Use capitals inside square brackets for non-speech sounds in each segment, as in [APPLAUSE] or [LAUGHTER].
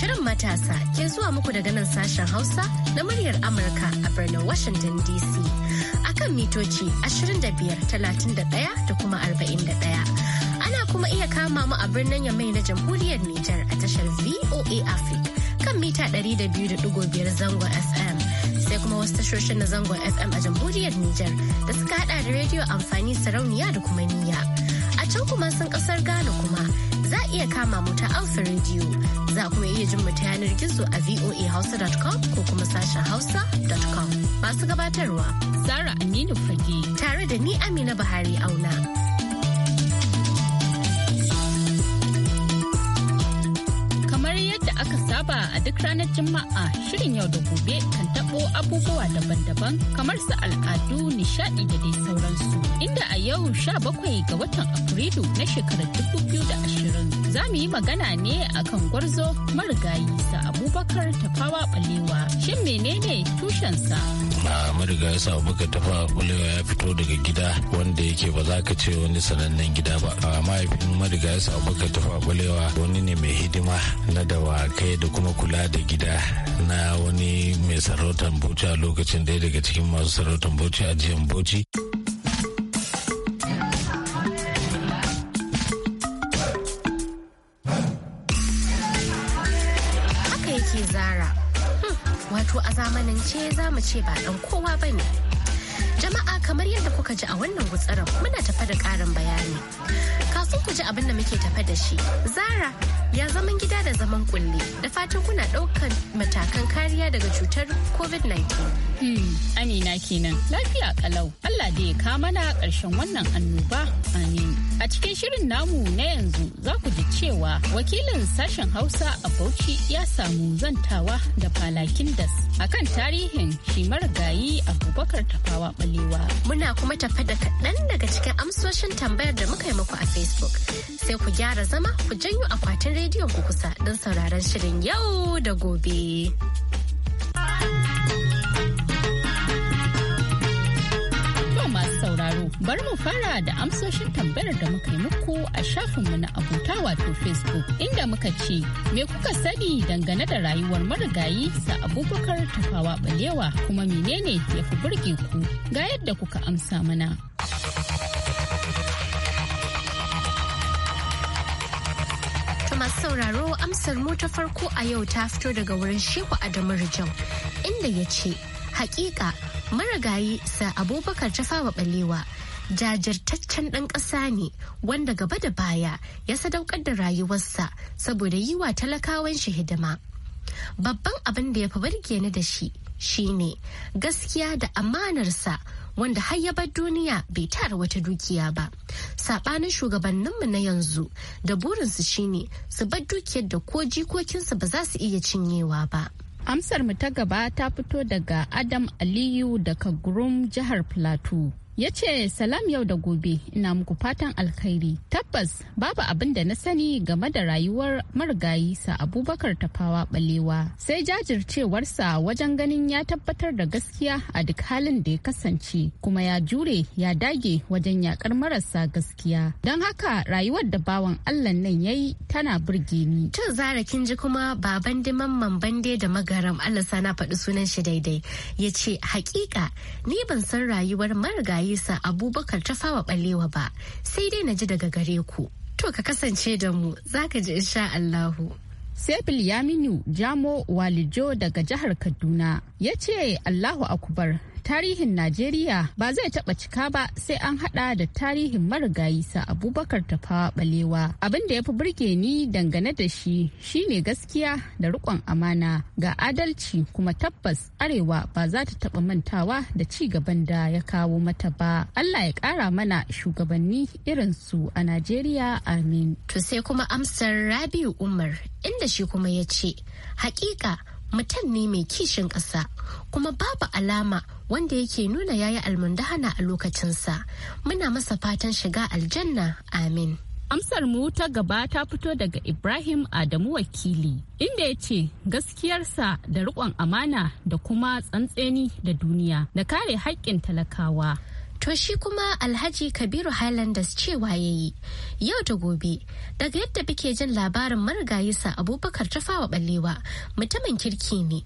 Shirin matasa ke zuwa muku daga nan sashen Hausa na muryar Amurka a birnin Washington DC. Akan mitoci 25, 31 da kuma 41. ana kuma iya kama mu a birnin yamai na jamhuriyar Nijar a tashar VOA Africa kan mita 200.5 zangon FM. Sai kuma wasu tashoshin na zangon FM a jamhuriyar Nijar da suka hada da rediyo amfani sarauniya da kuma niyya. A can kuma sun kasar Ghana kuma za a iya kama mu ta Alpha Radio. Za kuma iya jin mu ta yanar gizo a voahausa.com ko kuma sashen hausa.com. Masu gabatarwa, Zara Aminu Fage. Tare da ni Amina Buhari Auna. Kamar yadda aka saba a ranar Juma'a shirin yau da gobe kan tabo abubuwa daban-daban kamar su al'adu, nishadi da dai sauransu. Inda a yau sha bakwai ga watan Afrilu na shekarar 2020 za mu yi magana ne akan gwarzo marigayi sa Abubakar Tafawa Balewa. Shin menene tushensa? A marigayi sa Abubakar Tafawa Balewa ya fito daga gida wanda yake ba za ka ce wani sanannen gida ba. A mahaifin marigayi sa Abubakar Tafawa Balewa wani ne mai hidima na dawakai da kuma kula da gida na wani mai sarautar bauchi a lokacin daya daga cikin masu sarautar bauchi a jiyan bauchi haka yake zara hmm, wato a zamanance za mu ce ba dan kowa ba ne jama'a kamar yadda kuka ji a wannan gutsarar muna tafa da karin bayani sun ku ji abin da muke tafe da shi. Zara ya zaman gida da zaman kulle da fatan kuna ɗaukan matakan kariya daga cutar COVID-19. Hmm, Amina kenan lafiya kalau Allah da ya kama na ƙarshen wannan annoba amin. A cikin shirin namu na yanzu za ku ji cewa wakilin sashen Hausa a Bauchi ya samu zantawa da falakin das akan tarihin shi marigayi Abubakar Tafawa Balewa. Muna kuma tafa da kaɗan daga cikin amsoshin tambayar da muka yi muku a Facebook. Facebook. Sai ku gyara zama ku janyo akwatin rediyon ku kusa don sauraron shirin yau da gobe. sauraro bari mu fara da amsoshin tambayar da muka yi muku a shafinmu na abota wato facebook inda muka ce me kuka sani dangane da rayuwar marigayi sa abubakar tafawa balewa kuma menene ya ku burge ku ga yadda kuka amsa mana sauraro amsar mu ta farko a yau ta fito daga wurin Shehu Adamu Rijau inda ya ce, "Hakika maragayi sa abubakar ta tafawa balewa jajirtaccen ɗan ƙasa ne wanda gaba da baya ya sadaukar da rayuwarsa saboda yi wa talakawan shi hidima. Babban abin da ya fi ni da shi shine gaskiya da amanarsa wanda har ya bar duniya bai tara wata dukiya ba sabanin shugabanninmu na yanzu da burinsu shine su bar dukiyar da ko jikokinsu ba za su iya cinyewa ba amsar mu ta gaba ta fito daga adam aliyu daga gurum jihar plateau ya ce salam yau da gobe ina muku fatan alkhairi tabbas babu abin da na sani game da rayuwar marigayi sa abubakar tafawa balewa sai jajircewarsa wajen ganin ya tabbatar da gaskiya a duk halin da ya kasance kuma ya jure ya dage wajen yakar marasa gaskiya don haka rayuwar da bawan allah nan ya yi tana burge ni to zara kin ji kuma baban mamman bande da magaram allah sana faɗi sunan shi daidai ya ce hakika ni ban san rayuwar marigayi aisa Abubakar ta fawa balewa ba sai dai na ji daga gare ku. To ka kasance da mu za ka ji insha Allahu. Sefil Yaminu Jamo Walijo daga jihar Kaduna ya ce Allahu Akubar tarihin Najeriya ba zai taɓa cika ba sai an haɗa da tarihin marigayi sa Abubakar Tafawa Balewa. Abin da ya fi burge ni dangane da shi shine gaskiya da riƙon amana ga adalci kuma tabbas Arewa ba za ta taba mantawa da ci gaban da ya kawo mata ba. Allah ya ƙara mana shugabanni irin su a Najeriya amin. To sai kuma amsar Rabiu Umar inda shi kuma ya ce, hakika mutum ne mai kishin ƙasa kuma babu alama wanda yake nuna yayi almundahana a lokacinsa muna masa fatan shiga aljanna amin amsar mu ta gaba ta fito daga ibrahim adamu wakili inda ya ce gaskiyarsa da riƙon amana da kuma tsantseni da duniya da kare haƙƙin talakawa To shi kuma Alhaji Kabiru Highlanders cewa ya yi, yau da gobe, daga yadda bike jin labarin marigayisa abubakar tafawa ballewa mutumin kirki ne.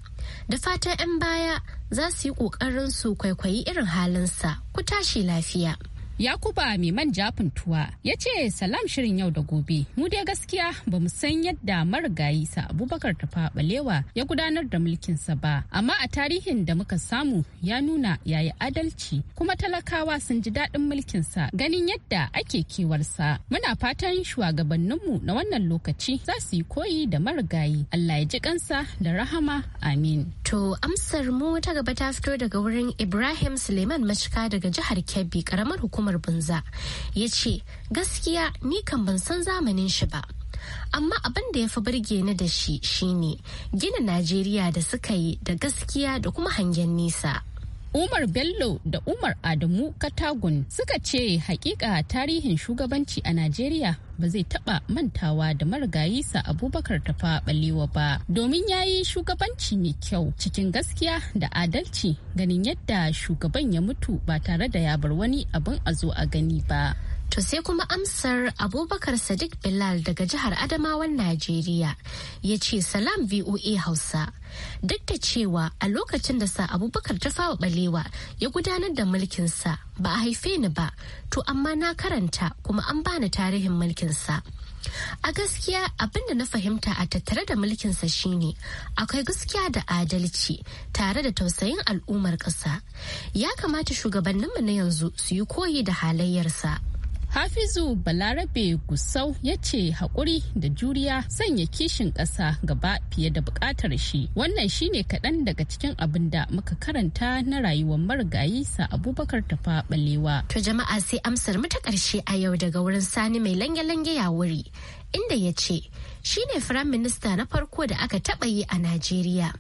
Da fatan 'yan baya za su yi ƙoƙarin su kwaikwayi irin halinsa, ku tashi lafiya. Yakuba mai manja funtuwa ya ce salam shirin yau da gobe mu dai gaskiya ba mu san yadda marigayi sa abubakar ta balewa ya gudanar da mulkinsa ba amma a tarihin da muka samu ya nuna yayi adalci kuma talakawa sun ji daɗin mulkinsa ganin yadda ake kewarsa muna fatan shugabanninmu na wannan lokaci za su yi koyi da marigayi Allah ya ji kansa da rahama amin. To amsar mu ta gaba ta fito daga wurin Ibrahim Suleiman Mashika daga jihar Kebbi karamar hukuma hukumar Bunza ya ce gaskiya ni kan ban san zamanin shi ba. Amma abin da ya fi burge ni da shi shine gina Najeriya da suka yi da gaskiya da kuma hangen nisa. Umar Bello da Umar Adamu Katagun suka ce hakika tarihin shugabanci a Najeriya ba zai taba mantawa da marigayi sa abubakar tafa balewa ba domin ya yi shugabanci mai kyau cikin gaskiya da adalci ganin yadda shugaban ya mutu ba tare da ya bar wani abin a zo a gani ba To sai kuma amsar Abubakar Sadiq Bilal daga jihar Adamawan Najeriya ya ce salam VOA Hausa. Duk da cewa a lokacin da sa Abubakar ta fawa balewa ya gudanar da mulkinsa ba a haife ni ba to amma na karanta kuma an bani tarihin mulkinsa a gaskiya abinda na fahimta a tattare da mulkinsa shine akwai gaskiya da adalci tare da tausayin al'ummar ƙasa ya kamata shugabanninmu na yanzu su yi koyi da halayyarsa. Hafizu Balarabe Gusau ya ce haƙuri da juriya sanya kishin ƙasa gaba fiye da buƙatar shi. Wannan shine kaɗan daga cikin abin da muka karanta na rayuwar marigayi sa Abubakar tafa balewa. To jama'a sai amsar mu ta ƙarshe a yau daga wurin Sani mai lange-lange ya wuri. inda ya ce shi ne minista na farko da aka taɓa yi a Najeriya.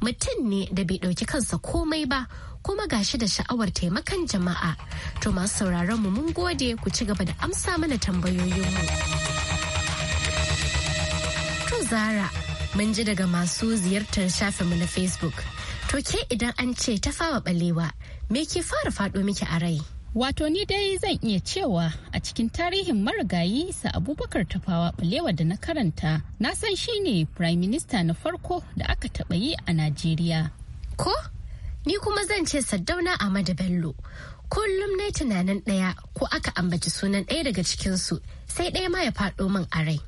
Mutum ne da bai ɗauki kansa komai ba kuma shi da sha'awar taimakan jama'a. To masu sauraron mu mun gode ku ci gaba da amsa mana tambayoyinmu. To Zara, mun ji daga masu ziyartar shafinmu na Facebook. To ke idan an ce ta fawa ɓalewa me ke fara faɗo miki a rai? Wato ni dai zan iya cewa a cikin tarihin marigayi sa abubakar tafawa balewa da na karanta na san shi ne prime minister na farko da aka taɓa yi a Najeriya. Ko? Ni kuma zan ce saddauna Ahmadu Bello. Kullum na tunanin ɗaya ko aka ambaci sunan ɗaya daga cikinsu sai ɗaya ma ya faɗo min a rai.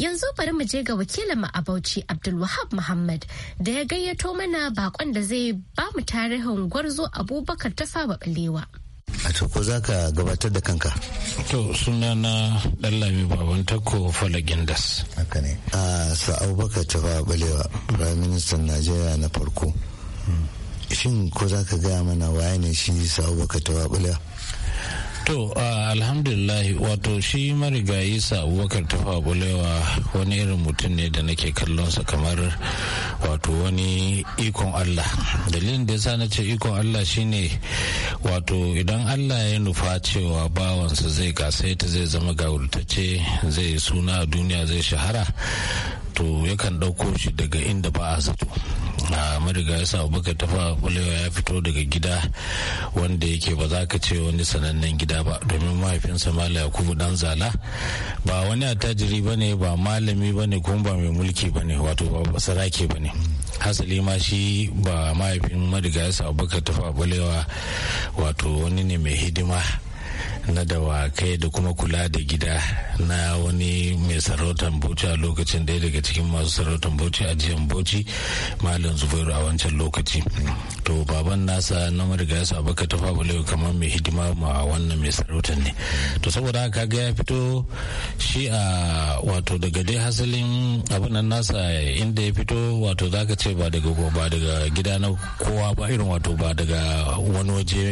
Yanzu bari mu je ga wakilin a Bauchi Abdulwahab Muhammad da ya gayyato mana bakon da zai ba mu tarihin gwarzo Abubakar Tafawa Balewa. a to ko za ka gabatar da kanka to suna na lami baban tako falagin das haka ne a sa'au baka tafa balewa prime minister najeriya na farko hmm. shin ko za ka gaya mana waye ne shi sa'au baka tafa balewa To alhamdulillahi wato shi marigayi sa abubakar tafa bulewa wani irin mutum ne da nake kallonsa kamar wato wani ikon Allah. Dalilin da yasa na ce ikon Allah shine wato idan Allah ya nufa cewa bawansa zai ta zai zama gawurtace zai suna a duniya zai shahara to yakan ɗauko shi daga inda ba a zato. mariga sa abubakar tafa bulewa ya fito daga gida wanda yake ba za ka ce wani sanannen gida ba domin mahaifinsa mala yakubu dan zala ba wani attajiri ba ne ba malami ba ne kuma ba mai mulki ba ne wato ba sarake ba ne hasali ma shi ba mahaifin mariga sa abubakar tafa bulewa wato wani ne mai hidima na dawakai da kuma kula da gida na wani mai sarautar bauchi a lokacin daya daga cikin masu sarautar bauchi a jiyan bauchi malam zubairu a wancan lokaci to baban nasa na mariga ya baka tafa fabulewa kamar mai hidima ma wannan mai sarautar ne to saboda haka ga ya fito shi a wato daga dai hasalin abin nan nasa inda ya fito wato zaka ce ba daga ba daga gida na kowa ba irin wato ba daga wani waje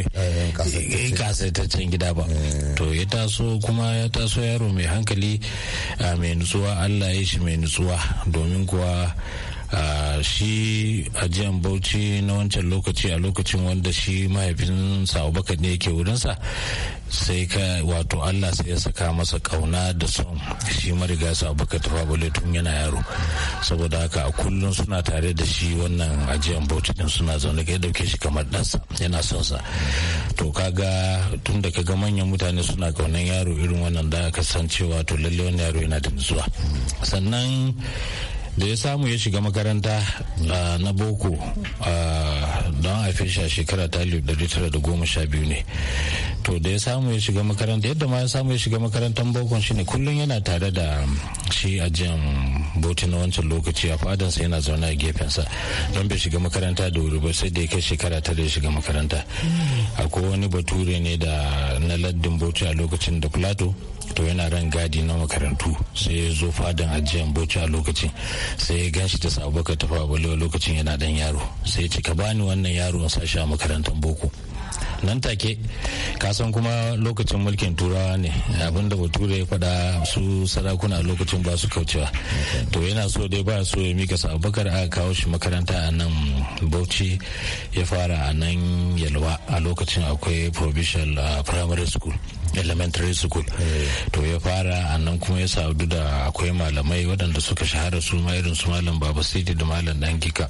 kasaitaccen gida ba eh. to ya taso kuma ya taso yaro mai hankali mai nutsuwa allah ya shi mai nutsuwa domin kuwa shi ajiyan bauchi na wancan lokaci a lokacin wanda shi mahaifin baka ne yake wurinsa sai ka wato allah sai ya saka masa kauna da son shi mariga su baka tafa tun yana yaro saboda haka a kullum suna tare da shi wannan ajiyan bauchi din suna zaune ga dauke shi kamar ɗansa yana son sa to kaga tun da kaga manyan mutane suna kaunan yaro irin wannan da aka san cewa to lalle wannan yaro yana da nutsuwa sannan da ya samu ya shiga makaranta na boko don haife shi a shekara ta biyu ne to da ya samu ya shiga makaranta yadda ma ya samu ya shiga makarantar bokon shine kullum yana tare da shi a jan boti na wancan lokaci a fadansa yana zaune a sa don bai shiga makaranta da wuri ba sai da ya kai shekara ta da shiga makaranta akwai wani bature ne da na laddin boti a lokacin da plato to yana ran gadi na makarantu sai ya zo fadan ajiyan boci a lokacin sai ya gan shi da sabaka tafa balewa lokacin yana dan yaro sai ya ce ka bani wannan yaro in sashi a makarantar boko nan take kasan kuma lokacin mulkin turawa ne abinda bature ya faɗa su sarakuna lokacin ba su kaucewa to yana so dai ba so ya mika abubakar aka kawo shi makaranta a nan bauchi ya fara a nan yalwa a lokacin akwai provincial primary school elementary school to ya fara a nan kuma ya sadu da akwai malamai waɗanda suka shahara su ma su malam baba sidi da malam dan gika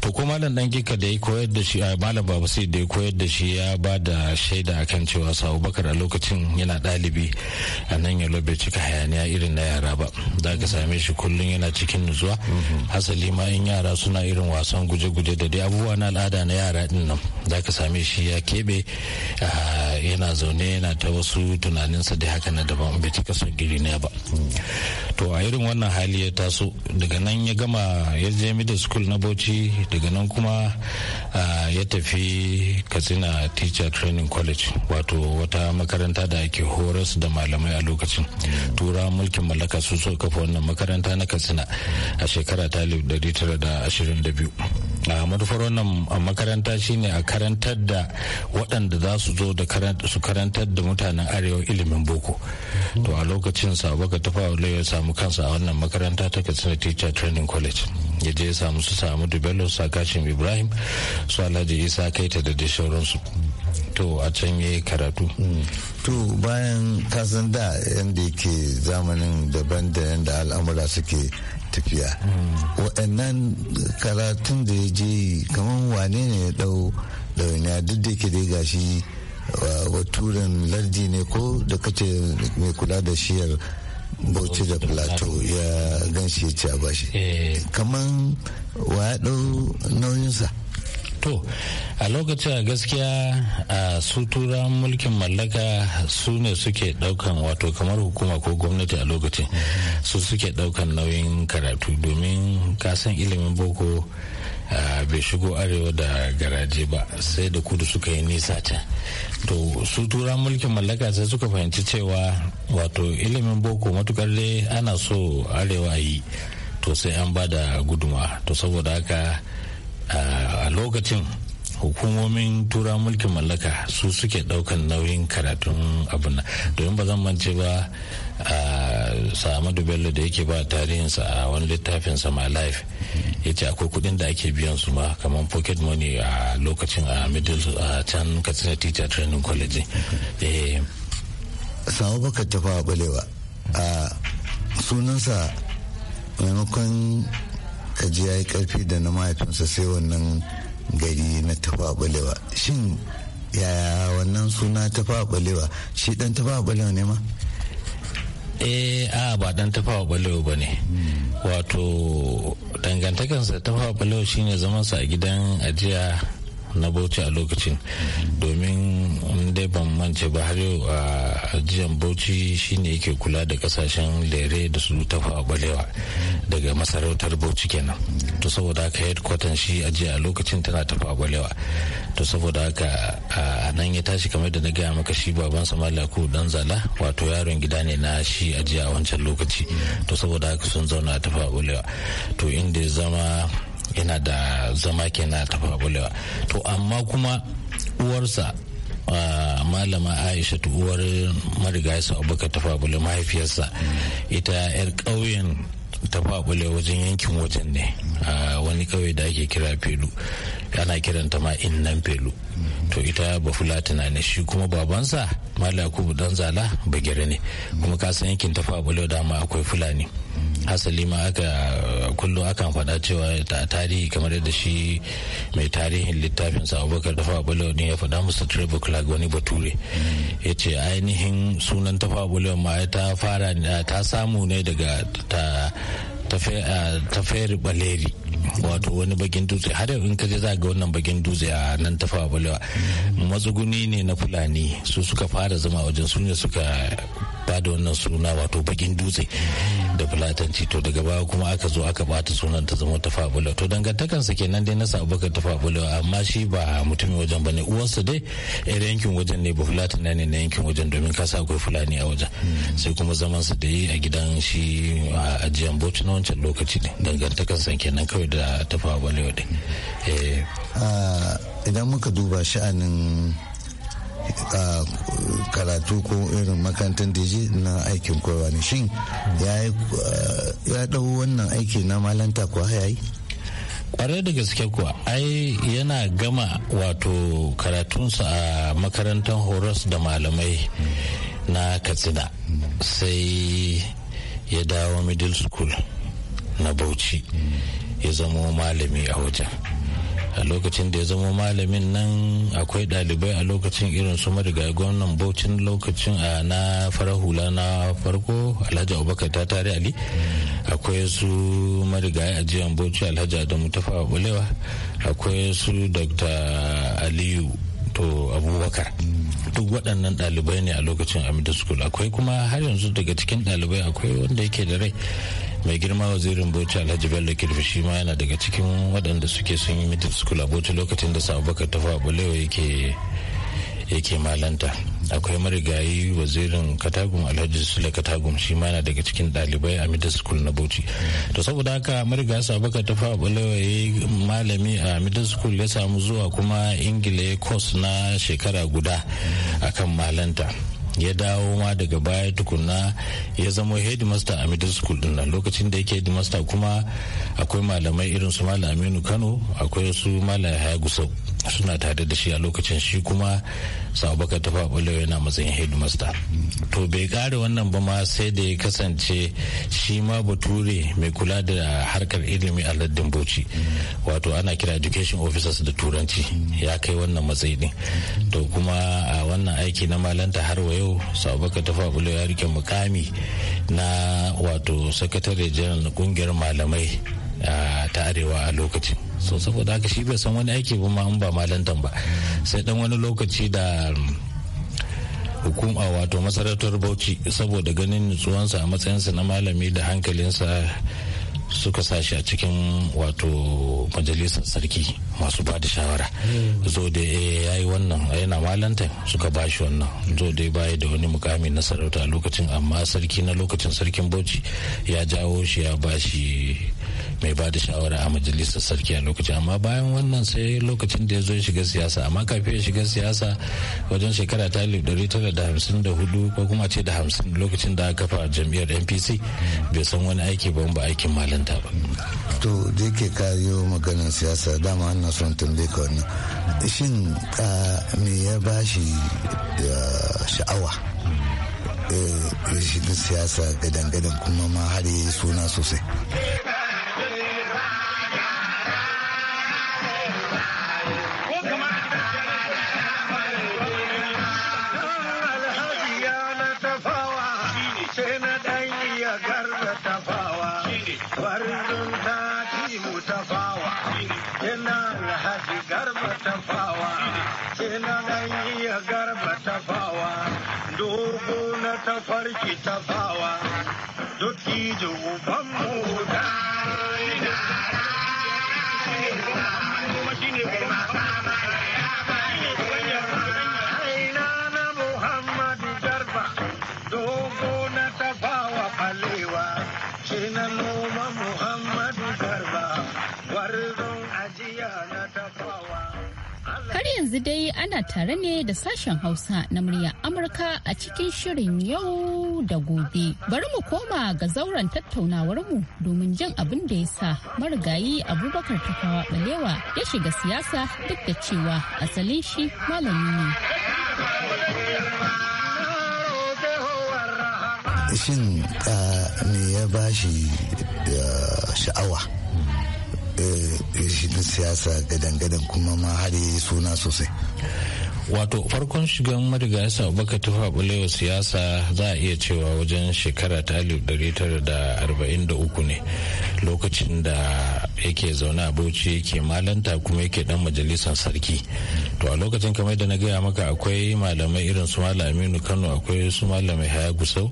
to ko malam dan gika da ya koyar da shi a malam baba sai da ya koyar da shi ya ba da shaida a kan cewa sabu bakar a lokacin yana dalibi a nan ya lobe cika hayaniya irin na yara ba za ka same shi kullum yana cikin nutsuwa mhm. hasali ma in yara suna irin wasan guje-guje da dai abubuwa na al'ada na yara din nan za ka same shi ya keɓe yana zaune yana ta wasu tunaninsa dai haka na daban bai cika son giri ne ba mhm. to a irin wannan hali ya taso daga nan ya gama ya je middle school na bauchi daga nan kuma ya tafi katsina teacher training college wato wata makaranta da ake horas da malamai a lokacin tura mulkin mallaka su so kafa wannan makaranta na katsina a shekara ta 1922 a madafar wannan makaranta shine a karantar da waɗanda za su zo da su karantar da mutanen arewa ilimin boko to a lokacin sabaka tafa ya samu kansa a wannan makaranta ta katsina teacher training college ya je ya samu su samu dubello sakashin ibrahim su alhaji isa kaita da sauransu to a can ya yi karatu to bayan kasan da yadda ke zamanin daban da yadda al'amura suke tafiya waɗannan karatun da ya je kamar wane ne ya ɗau wani duk da ke dai gashi baturen lardi ne ko da kace mai kula da shiyar bauchi da plateau ya gan shi ya ci a bashi eh. kamar wa ya ɗau nauyinsa to a lokacin gaskiya a su turan mulkin mallaka su ne suke daukan wato kamar hukuma ko gwamnati a lokacin su suke daukan nauyin karatu domin kasan ilimin boko bai shigo arewa da garaje ba sai da kudu suka yi nisa can to su tura mulkin mallaka sai suka fahimci cewa wato ilimin boko matukar dai ana so arewa yi to sai an ba da guduma to saboda haka a lokacin hukumomin tura mulkin mallaka su suke daukan nauyin karatun abin domin ba zan mance ba a samadu bello da yake ba tarihinsa a wani littafin ma life ya ce akwai kudin da ake biyan su ma kamar pocket money a lokacin a middle a can katsina teacher training college eh, samu baka tafa balewa sunansa maimakon ka ji ya yi karfi da na mahaifinsa sai wannan gari na tafaɓalewa shin yaya wannan suna tafaɓalewa shi dan tafaɓalewa ne ma eh a ba dan tafawa balewa ba ne hmm. wato dangantakansa tafawa balewa shine zamansa a gidan ajiya na bauchi a lokacin domin dai ban mance ba har yau a jiyan bauchi shine yake kula da kasashen lere da su tafa balewa daga masarautar bauchi kenan to saboda haka headquarter shi a jiya a lokacin tana tafa balewa to saboda haka a nan ya tashi kamar da na gaya maka shi baban malaku dan zala wato yaron gida ne na shi a jiya a wancan lokaci to saboda haka sun zauna a balewa to inda ya zama yana da zama kenan ta fabulewa to amma kuma uwarsa malama aisha uwar su abuka ta fabule mahaifiyarsa ita yar ƙauyen ta fabule wajen yankin wajen ne a wani ƙauye da ake kira Pelu ana kiranta ma innan Pelu to ita ba fulatina ne shi kuma babansa mala dan zala bagere ne kuma kasan yankin ta fabule dama akwai fulani hasali ma aka kullum akan faɗa cewa ta tarihi kamar yadda shi mai tarihin littafin sa abubakar tafa bulewa ne ya faɗa musu trevor clark wani bature ya ce ainihin sunan tafa bulewa ma ta fara ta samu ne daga ta tafiyar baleri wato wani bakin dutse har yau in ka je za ga wannan bakin dutse a nan tafawa balewa matsuguni ne na fulani su suka fara zama wajen su ne suka ba da wannan suna wato bakin dutse da fulatanci to daga baya kuma aka zo aka bata sunan ta zama ta fabula to dangantakansa kenan dai na sa abubakar ta fabula amma shi ba mutumin wajen bane uwansa dai yar yankin wajen ne ba fulatina ne na yankin wajen domin kasa akwai fulani a wajen sai kuma zaman su da yi a gidan shi a ajiyan bauchi na wancan lokaci ne dangantakansa kenan kawai da ta fabula eh. ah, idan muka duba sha'anin karatu ko irin makarantar da je na aikin koyarwa ne shin ya ɗau wannan aiki na malanta ko haya yi kwarai da gaske kuwa ai yana gama wato karatunsa a makarantar horas da malamai na katsina sai ya dawo middle school na bauchi ya zama malami a wajen a lokacin da ya zama malamin nan akwai dalibai a lokacin irin su marigayi gwamnan bocin lokacin a na farahula hula na farko alhaji abubakar ta tare ali akwai su marigayi a jiyan bauchi alhaji adamu tafawa bulewa akwai su dr aliyu to abubakar duk waɗannan dalibai ne a lokacin amida school akwai kuma har yanzu daga cikin dalibai akwai wanda yake da rai mai girma wazirin bauchi alhaji bello kirfi shi ma yana daga cikin waɗanda suke sun yi middle school a bauchi lokacin da sabu bakar tafa bulewa yake yake malanta akwai marigayi wazirin katagum alhaji sule katagum shi ma yana daga cikin ɗalibai a middle school na bauchi to saboda haka marigayi sabaka tafi abu ya malami a middle school ya samu zuwa kuma ingila course na shekara guda akan malanta ya dawo ma daga baya tukuna ya zama headmaster a middle school din nan lokacin da yake headmaster kuma akwai malamai irin su malam aminu kano akwai su malam haya gusau suna tare da shi a lokacin shi kuma sababaka ta faɓalewa yana matsayin headmaster to bai kare wannan ba ma sai da ya kasance shi ma bature mai kula da harkar ilimi a lardin bauchi wato ana kira education officers da turanci ya kai wannan matsayi din to kuma wannan aiki na malanta har wa yau baka tafa bulo ya rike mukami na wato sakatare janar kungiyar malamai ta arewa a lokacin so saboda haka shi bai san wani aiki ba ma ba malantan ba sai dan wani lokaci da hukuma wato masarautar bauchi saboda ganin nutsuwansa a matsayinsa na malami da hankalinsa suka sa shi a cikin wato majalisar sarki masu ba da shawara hmm. zo da eh, ya yi wannan yana malanta suka ba shi wannan zo da ya baya da wani mukami na sarauta lokacin amma sarki na lokacin sarkin bauchi ya jawo shi ya ba shi mai ba da shawara a majalisar sarki a lokacin amma bayan wannan sai lokacin da ya zo shiga siyasa amma kafin ya shiga siyasa wajen shekara ta hudu ko kuma ce da hamsin lokacin da aka kafa jam'iyyar npc bai san wani aiki ba ba aikin malanta ba to da yake kayo maganin siyasa dama wannan son tambaye ka wannan shin me ya bashi da sha'awa eh, ya shiga siyasa gadan-gadan kuma ma har yi suna sosai tafawa dogo na tafarki tafawa doki uban mu da yanzu dai ana tare ne da sashen Hausa na murya Amurka a cikin shirin yau da gobe. Bari mu koma ga zauren tattaunawar mu domin jin abin da ya sa marigayi Abubakar Tafawa Balewa ya shiga siyasa duk da cewa asalin shi malami ne. Shin ah, me ya bashi ah, sha'awa? na siyasa gadan-gadan kuma ma har yi suna sosai wato farkon shigan marigasa ya baka tufa bulewa siyasa za a iya cewa wajen shekara ta 1943 ne lokacin da yake zaune a bauchi yake malanta kuma yake dan majalisar sarki to a lokacin kamar da na gaya maka akwai malamai irin su malaminu kano akwai su malamai haya gusau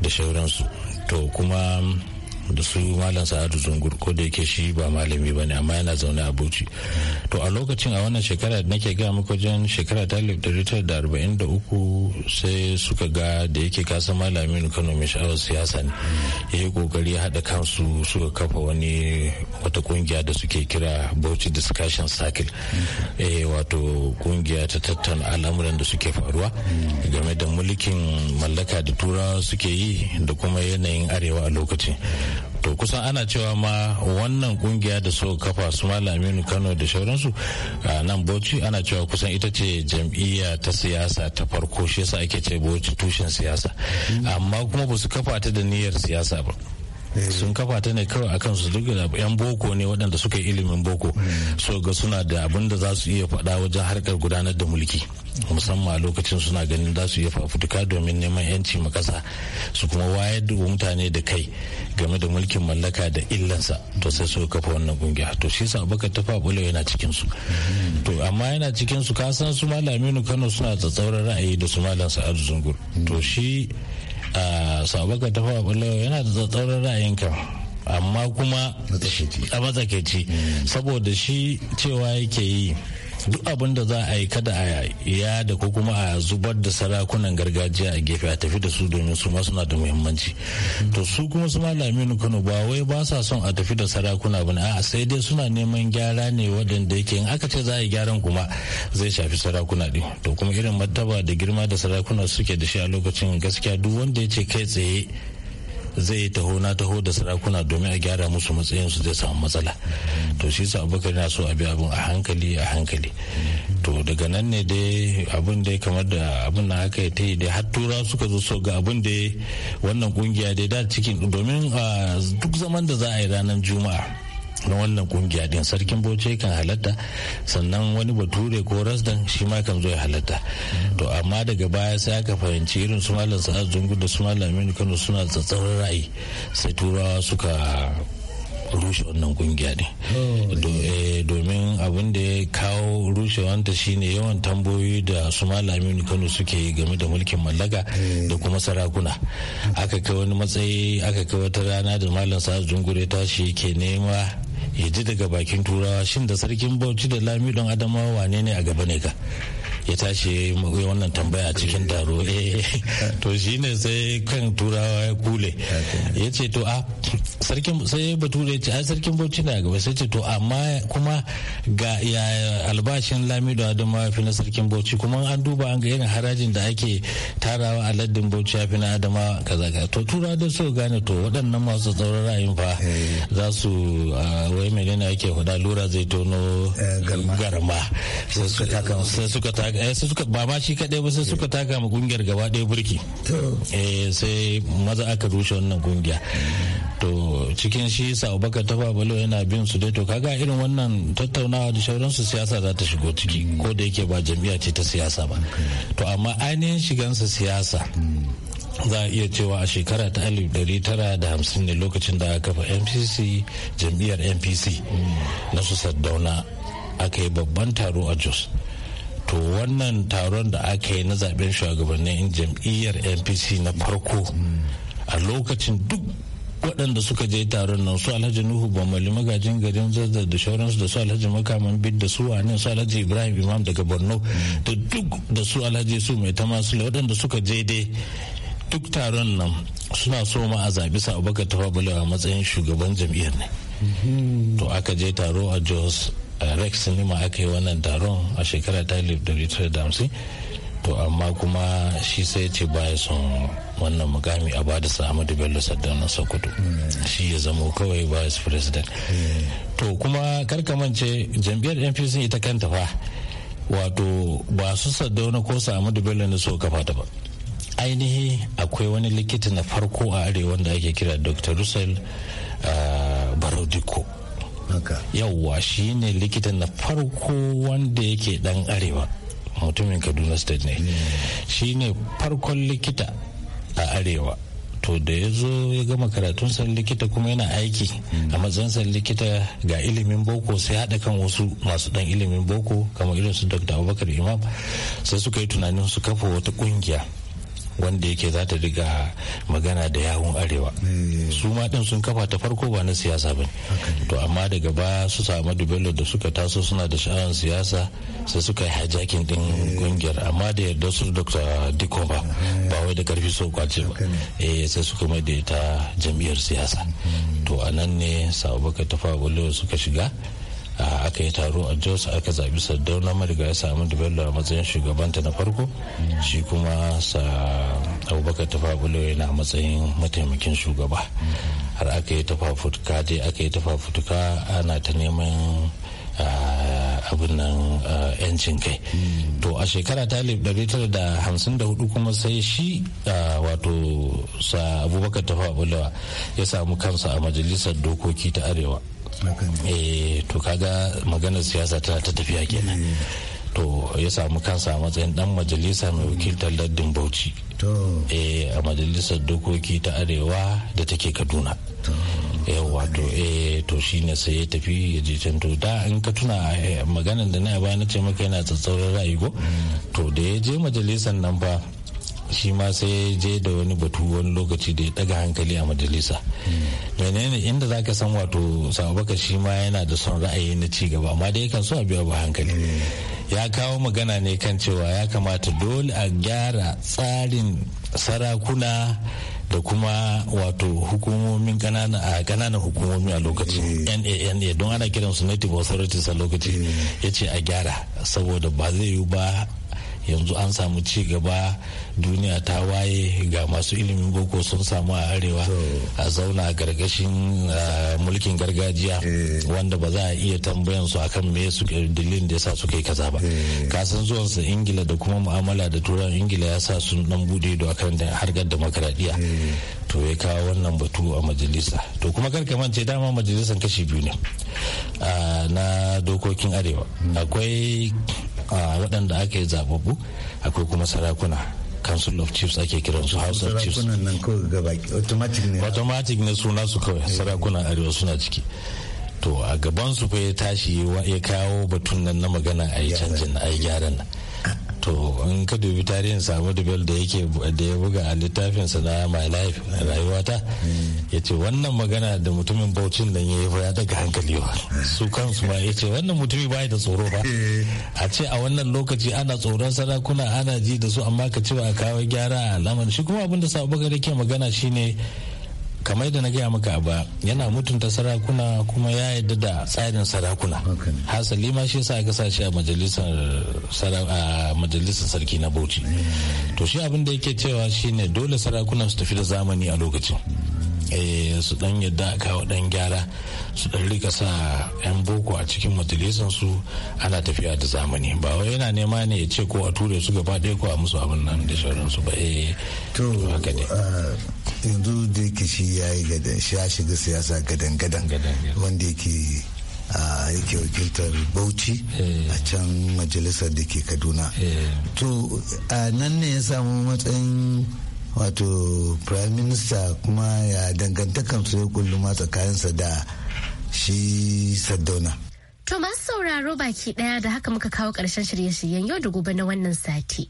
da shauransu to kuma da su malam sa'adu zungur ko da yake shi ba malami ba ne amma yana zaune a bauchi to a lokacin a wannan shekara da nake gaya muku jan shekara ta uku sai suka ga da yake kasa malamin kano mai sha'awar siyasa ne ya yi kokari ya haɗa kansu suka kafa wani wata kungiya da suke kira bauchi discussion circle eh, wato kungiya ta tattauna al'amuran da suke faruwa game da mulkin mallaka da turawa suke yi da kuma yanayin arewa a lokacin to kusan ana cewa ma wannan kungiya da so kafa su malaminu kano da shauransu a nan bauchi ana cewa kusan ita ce jam'iyya ta siyasa ta farko shi yasa ake ce bauchi tushen siyasa mm. amma kuma ba su kafa ta da niyyar siyasa ba sun kafa ta ne kawai akan su duk da yan boko ne waɗanda suka yi ilimin boko so ga suna da abin da za su iya faɗa wajen harkar gudanar da mulki musamman a lokacin suna ganin za su iya fafutuka domin neman yanci ma ƙasa su kuma wayar da mutane da kai game da mulkin mallaka da illansa to sai su kafa wannan kungiya to shi yasa abubakar ta fabulo yana cikin su to amma yana cikin su ka san su malaminu kano suna tsatsauran ra'ayi da su malam sa'adu zungur to shi sabaga a balewa yana da tsatsauran ra'ayin kan amma kuma a matsakaici saboda shi cewa yake yi duk abin da za a yi kada a ya da ko kuma a zubar da sarakunan gargajiya a gefe a tafi da su domin su ma suna da muhimmanci to su kuma su ma Lamini kano ba wai ba sa son a tafi da sarakuna ba a sai dai suna neman gyara ne waɗanda yake in aka ce za a yi gyaran kuma zai shafi sarakuna din to kuma irin martaba da girma da sarakuna suke da shi a lokacin gaskiya duk wanda ya ce kai tsaye zai yi taho na taho da sarakuna domin a gyara musu matsayin su zai samu matsala to shi sa abubakar na so a bi abin a hankali a hankali to daga nan ne dai abin dai kamar da abin na haka ta yi dai har tura suka zo so ga abin da wannan kungiya dai da cikin domin ah, duk zaman da za a yi ranar juma'a na wannan kungiya din sarkin bauchi kan halatta sannan wani bature ko rasdan shi ma kan zo ya halatta to amma daga baya sai aka fahimci irin su malam sa'ad zungu da su malam aminu kano suna tsatsauran ra'ayi sai turawa suka rushe wannan kungiya ne oh, eh, domin abin da ya kawo rushewanta shine yawan tambayoyi da su aminu kano suke yi game da mulkin mallaka da eh. kuma sarakuna aka kai wani matsayi aka kai wata rana da malam sa'ad zungure tashi ke nema ya ji daga bakin turawa shin da sarkin bauchi da lami don adamawa ne ne a gaba ne ka ya tashi ya wannan tambaya cikin taro eh, [LAUGHS] to shi ne sai kan turawa ya kule ya ce to a ah, sarkin sai bature ya ce a sarkin bauchi na gaba sai ce to amma kuma ga ya albashin lamido adama fi na sarkin bauchi kuma an duba an ga irin harajin da ake tarawa a laddin bauchi ya fi na adama kaza to tura da so gane to waɗannan masu tsoron ra'ayin fa eh. za su wai menene ake huda lura zai tono eh, garma sai suka taka Eh, suka ba ma shi kadai ba sai suka taka ma kungiyar gaba ɗaya burki eh sai maza aka rushe wannan kungiya to cikin shi sa abubakar ta balo yana bin su dai to kaga irin wannan tattaunawa da shauransu siyasa za ta shigo ciki mm. ko da yake ba jam'iyya ce ta siyasa ba to amma ainihin shigansa siyasa mm. za a iya cewa a shekara ta alif tara da 1950 ne lokacin da aka kafa mpc jam'iyyar mpc mm. na su saddauna aka yi babban taro a jos to wannan taron da aka yi na zaben shugabannin jam'iyyar npc na farko a lokacin duk waɗanda suka je taron nan su alhaji nuhu bamali magajin garin zazzar da shauransu da su alhaji makaman bid da su wani su alhaji ibrahim imam daga borno da duk da su alhaji su mai tamasu waɗanda suka je dai duk taron nan suna so ma a zaɓi sa abubakar tafa balewa matsayin shugaban jam'iyyar ne to aka je taro a jos rex nima aka yi wannan taron a shekara ta hamsin to amma kuma shi sai ce baya son wannan mukami a bada sa Ahmadu Bello na Sokoto shi ya zama kawai vice president to kuma karkamance jam'iyyar NPC ita kanta fa wato ba su Saddauna ko su Ahmadu Bello na so kafa ta ba ainihi akwai wani likita na farko a arewa da ake kira Dr. Russell ah, Barodiko yauwa shi ne likita na farko wanda yake dan arewa mutumin kaduna state ne hmm. shi ne farkon likita a arewa to da ya zo ya gama karatun san likita kuma yana aiki hmm. a matsayin san likita ga ilimin boko sai haɗa kan wasu masu dan ilimin boko kamar irin su dr abubakar imam sai suka yi tunanin su kafa wata kungiya wanda yake za ta riga magana da yawun arewa eh. su ma din sun kafa ta farko ba na siyasa ba to amma daga ba su samu bello da suka taso suna da sha'awar siyasa sai suka yi hajjakin din kungiyar eh. amma da yarda su dr diko ba eh. ba wai da karfi so kwace ba eh sai suka mai da ta jam'iyyar siyasa mm-hmm. to anan ne sabu baka tafa suka shiga a aka yi taro a jos aka zaɓi na mariga ya samu bello a matsayin shugabanta na farko shi kuma sa abubakar tafabulo yana matsayin mataimakin shugaba har aka yi tafafutuka dai aka yi tafafutuka ana ta neman abin nan yancin kai to a shekara ta hudu kuma sai shi wato sa abubakar tafabulo ya samu kansa a majalisar dokoki ta arewa Eh, to kaga maganar siyasa tana ta tafiya kenan eh. to ya samu kansa a matsayin dan majalisa mai wakiltar lardin bauchi eh, a majalisar dokoki ta arewa da take kaduna yawa to eh to shine sai ya tafi ya je can to da in ka tuna maganar da na ba na ce maka yana tsatsauran ra'ayi go mm. to da ya je majalisar nan ba shi ma sai ya je da wani batu wani lokaci da ya daga hankali a majalisa menene inda za ka san wato sababaka shi ma yana da son ra'ayi na ci gaba da dai kan so a biya ba hankali ya kawo magana ne kan cewa ya kamata dole a gyara tsarin sarakuna da kuma wato hukumomin kananan hukumomi a lokaci nana don ana kiransu native authorities a lokaci ya ce a gyara saboda ba zai yiwu ba yanzu an samu ci gaba duniya ta waye ga masu ilimin boko sun samu a arewa a zauna gargashin mulkin gargajiya eh. wanda ba za a iya tambayan su akan me su dalilin da yasa suka yi kaza ba eh. kasan zuwan su ingila da kuma mu'amala da turan ingila ya sa sun dan bude ido akan harkar demokradiya eh. to ya kawo wannan batu a majalisa to kuma karka mance dama majalisan kashi biyu ne na dokokin arewa hmm. akwai waɗanda ake zababbu akwai kuma sarakuna council of chiefs ake kiran su house of chiefs nan kawai gaba automatic ne automatic ne suna su kawai eh. sarakuna arewa suna ciki to a gaban su fa ya tashi ya kawo batun nan na magana a yi canjin a yi gyaran nan to in ka dubi tarihin samu dubel da yake da ya buga a littafinsa na my life rayuwata mm. ya ce wannan magana da mutumin baucin nan ya yi ya daga hankali ba su kansu ma ya ce wannan mutumi ba da tsoro ba eh. a ce a wannan lokaci ana tsoron sarakuna ana ji da su amma ka ce ba a kawo gyara a lamar shi kuma abin da sabu bakar ke magana shine kamar da na gaya maka ba yana mutunta sarakuna kuma ya yadda da tsarin sarakuna hasali ma shi sa aka kasa shi a majalisar sarki na bauchi eh. to shi abin da yake cewa shine dole sarakuna su tafi da zamani a lokacin eh, su dan yadda kawo dan gyara su dan rika sa 'yan boko a cikin majalisar su ana tafiya da zamani ba wai yana nema ne ya ce ko a ture su gaba ɗaya ko a musu abin nan da su ba eh to haka eh, yanzu da yake shi ya yi gadan ya shiga siyasa gadan gadan wanda yake a yake wakiltar bauchi eh. a can majalisar da ke kaduna eh. to a nan ne ya samu matsayin wato prime minister kuma ya dangantakan su ya kullum tsakaninsa da shi sardauna To masu sauraro baki daya da haka muka kawo ƙarshen shirye-shiryen yau da gobe na wannan sati.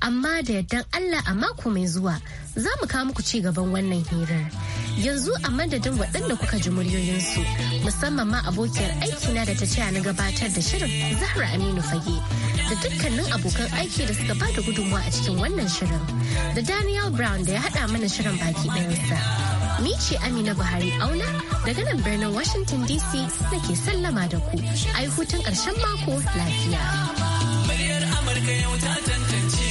Amma da yardan Allah a mako mai zuwa za mu kawo muku ci gaban wannan hirar. Yanzu a madadin waɗanda kuka ji muryoyinsu musamman ma abokiyar aiki na da ta ce na gabatar da shirin Zahra Aminu Fage da dukkanin abokan aiki da suka ba da gudunmawa a cikin wannan shirin da Daniel Brown da ya haɗa mana shirin baki ɗayansa. Ni ce Amina Buhari Auna daga nan birnin Washington DC ke sallama da ku. Ai hutun ƙarshen mako lafiya. Muryar Amurka yau ta tantance.